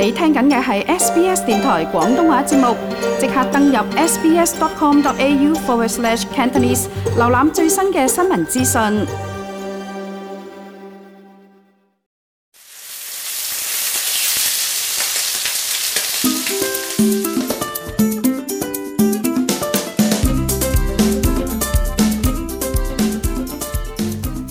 你聽緊嘅係 SBS 電台廣東話節目，即刻登入 sbs.com.au/cantonese 瀏覽最新嘅新聞資訊。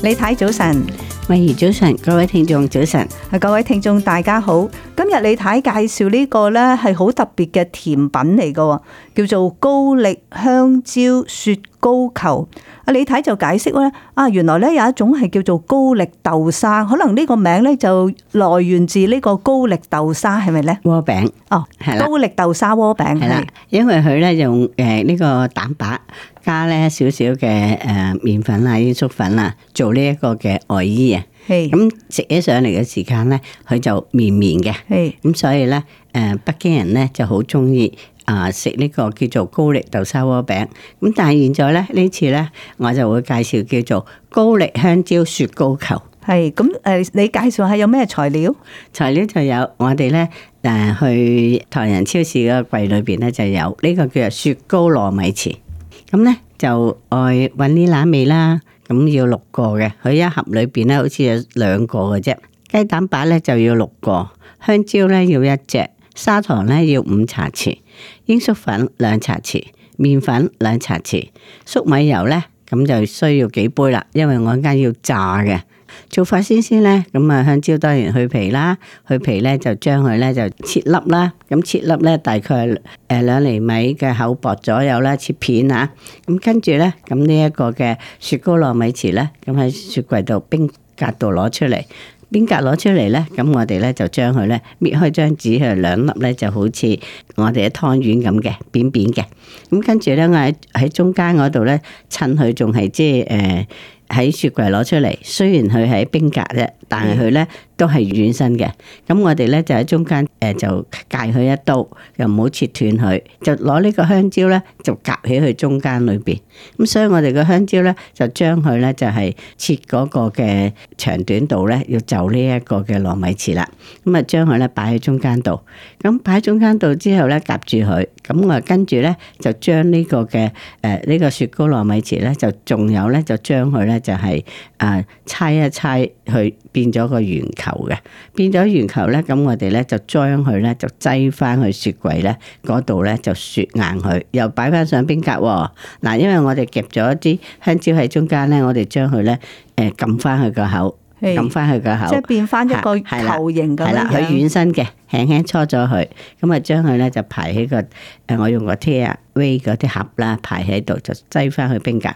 李太早晨，文怡早晨，各位聽眾早晨，各位聽眾大家好。今日李太介紹呢個呢，係好特別嘅甜品嚟嘅，叫做高力香蕉雪糕球。阿李太就解釋咧，啊原來呢有一種係叫做高力豆沙，可能呢個名呢就來源自呢個高力豆沙，係咪呢？鍋餅餅哦，係啦的，高力豆沙鍋餅係啦，因為佢呢用誒呢個蛋白加呢少少嘅誒麵粉啊、鷹粟粉啦，做呢一個嘅外衣啊。咁食起上嚟嘅時間咧，佢就綿綿嘅。咁 Hey, 所以咧，誒，北京人咧就好中意啊食呢個叫做高力豆沙鍋餅。咁但係現在咧，呢次咧，我就會介紹叫做高力香蕉雪糕球。係咁誒，你介紹下有咩材料？材料就有我哋咧誒去唐人超市個櫃裏邊咧就有呢個叫做雪糕糯米糍。咁咧。就愛，搵啲辣味啦，咁要六個嘅，佢一盒裏面好似有兩個嘅啫。雞蛋白呢就要六個，香蕉呢要一隻，砂糖呢要五茶匙，鷹粟粉兩茶匙，麵粉兩茶匙，粟米油呢咁就需要幾杯啦，因為我依家要炸嘅。做法先先咧，咁啊，香蕉當然去皮啦，去皮咧就將佢咧就切粒啦，咁切粒咧大概誒兩厘米嘅厚薄左右啦，切片啊，咁跟住咧，咁呢一個嘅雪糕糯米糍咧，咁喺雪櫃度冰格度攞出嚟，冰格攞出嚟咧，咁我哋咧就將佢咧搣開張紙，佢兩粒咧就好似我哋嘅湯圓咁嘅扁扁嘅，咁跟住咧我喺喺中間嗰度咧趁佢仲係即係誒。呃喺雪櫃攞出嚟，雖然佢喺冰格啫，但係佢咧都係軟身嘅。咁我哋咧就喺中間誒，就界佢一刀，又唔好切斷佢，就攞呢個香蕉咧，就夾起去中間裏邊。咁所以我哋個香蕉咧，就將佢咧就係切嗰個嘅長短度咧，要就呢一個嘅糯米糍啦。咁啊，將佢咧擺喺中間度。咁擺喺中間度之後咧，夾住佢。咁啊，跟住咧就將呢個嘅誒呢個雪糕糯米糍咧，就仲有咧就將佢咧。就係、是、誒，猜、啊、一猜，佢變咗個圓球嘅，變咗圓球咧，咁我哋咧就將佢咧就擠翻去雪櫃咧嗰度咧就雪硬佢，又擺翻上冰格。嗱、啊，因為我哋夾咗一啲香蕉喺中間咧，我哋將佢咧誒撳翻佢個口，撳翻佢個口，即係變翻一個球形咁樣係、啊、啦，佢軟身嘅，輕輕搓咗佢，咁啊將佢咧就排喺個誒，我用個 tea r v 嗰啲盒啦，排喺度就擠翻去冰格。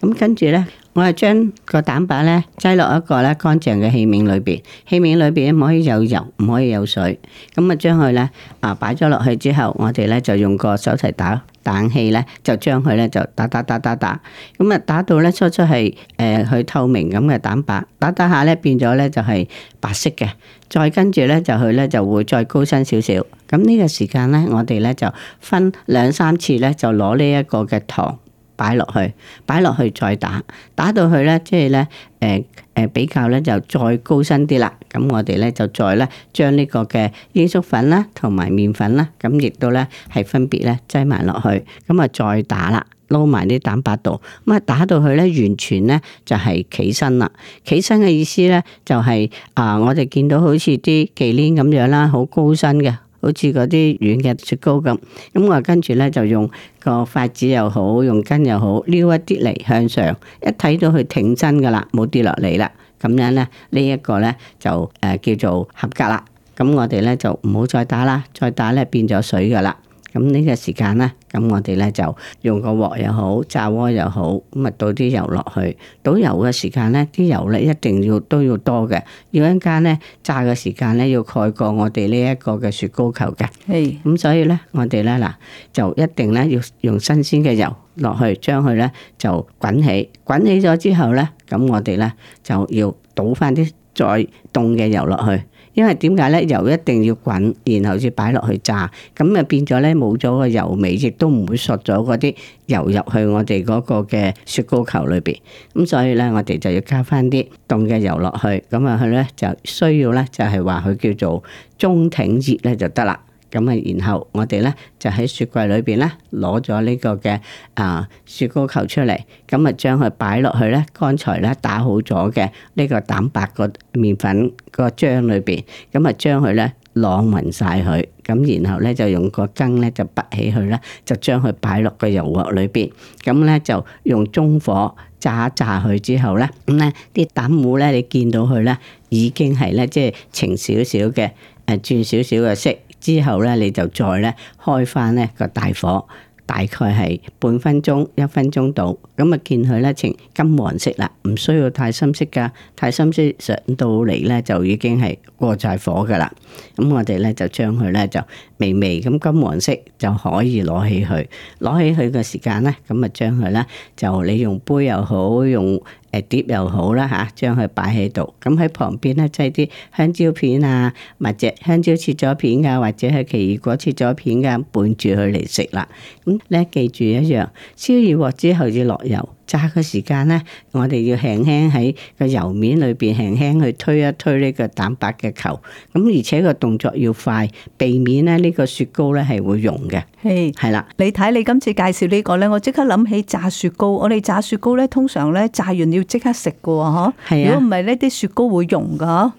咁跟住呢，我係將個蛋白呢擠落一個呢乾淨嘅器皿裏邊，器皿裏邊唔可以有油，唔可以有水。咁啊，將佢呢啊擺咗落去之後，我哋呢就用個手提打蛋器呢，就將佢呢就打打打打打。咁啊，打到呢，初初係誒佢透明咁嘅蛋白，打打下呢變咗呢就係、是、白色嘅。再跟住呢，就佢呢就會再高身少少。咁呢個時間呢，我哋呢就分兩三次呢，就攞呢一個嘅糖。擺落去，擺落去再打，打到佢咧，即係咧，誒、呃、誒，比較咧就再高身啲啦。咁我哋咧就再咧將呢將個嘅鷹粟粉啦，同埋麵粉啦，咁亦都咧係分別咧擠埋落去，咁啊再打啦，撈埋啲蛋白度，咁啊打到佢咧完全咧就係起身啦。起身嘅意思咧就係、是、啊、呃，我哋見到好似啲忌廉咁樣啦，好高身嘅。好似嗰啲軟嘅雪糕咁，咁我跟住咧就用個筷子又好，用根又好，撩一啲嚟向上，一睇到佢挺身噶啦，冇跌落嚟啦，咁樣咧呢一、呢個咧就誒、呃、叫做合格啦，咁、嗯、我哋咧就唔好再打啦，再打咧變咗水噶啦。咁呢個時間咧，咁我哋咧就用個鑊又好，炸鍋又好，咁啊倒啲油落去。倒油嘅時間呢，啲油一定要都要多嘅。要一陣間咧炸嘅時間咧，要蓋過我哋呢一個嘅雪糕球嘅。係。Hey. 所以呢，我哋咧嗱，就一定咧要用新鮮嘅油落去，將佢呢就滾起。滾起咗之後呢，咁我哋咧就要倒返啲再凍嘅油落去。因為點解咧？油一定要滾，然後先擺落去炸，咁啊變咗咧冇咗個油味，亦都唔會索咗嗰啲油入去我哋嗰個嘅雪糕球裏邊。咁所以咧，我哋就要加翻啲凍嘅油落去，咁啊佢咧就需要咧就係話佢叫做中挺熱咧就得啦。咁啊，然後我哋咧就喺雪櫃裏邊咧攞咗呢個嘅啊雪糕球出嚟，咁啊將佢擺落去咧剛才咧打好咗嘅呢個蛋白個麵粉個漿裏邊，咁啊將佢咧晾勻晒佢，咁然後咧就，就用個羹咧就拔起佢咧，就將佢擺落個油鑊裏邊，咁咧就用中火炸一炸佢之後咧，咁咧啲蛋糊咧你見到佢咧已經係咧即係呈少少嘅誒轉少少嘅色。之後咧，你就再咧開翻咧個大火，大概係半分鐘，一分鐘到，咁啊見佢咧呈金黃色啦，唔需要太深色噶，太深色上到嚟咧就已經係過曬火噶啦，咁我哋咧就將佢咧就。微微咁金黃色就可以攞起佢，攞起佢嘅時間呢，咁啊將佢咧就你用杯又好，用碟又好啦嚇、啊，將佢擺喺度。咁喺旁邊咧擠啲香蕉片啊，或者香蕉切咗片噶、啊，或者係奇異果切咗片噶、啊，拌住佢嚟食啦。咁咧記住一樣，燒熱鑊之後要落油。炸嘅時間咧，我哋要輕輕喺個油面裏邊輕輕去推一推呢個蛋白嘅球，咁而且個動作要快，避免咧呢個雪糕咧係會溶嘅。係 Hey, 的，係啦，你睇你今次介紹呢、這個咧，我即刻諗起炸雪糕。我哋炸雪糕咧，通常咧炸完要即刻食㗎喎，嗬。係啊，如果唔係呢啲雪糕會溶㗎。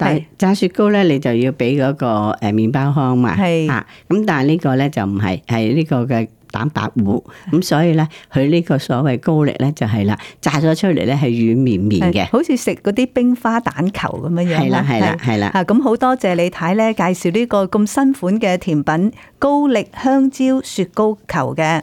但係炸雪糕咧，你就要俾嗰個誒麪包糠嘛。係 Hey. 啊，咁但係呢個咧就唔係，係呢個嘅。蛋白糊，咁所以呢，佢呢個所謂高力呢就係啦，炸咗出嚟呢係軟綿綿嘅，好似食嗰啲冰花蛋球咁樣樣啦。係啦，係啦，係啦。啊，咁好多謝李太呢，介紹呢個咁新款嘅甜品高力香蕉雪糕球嘅。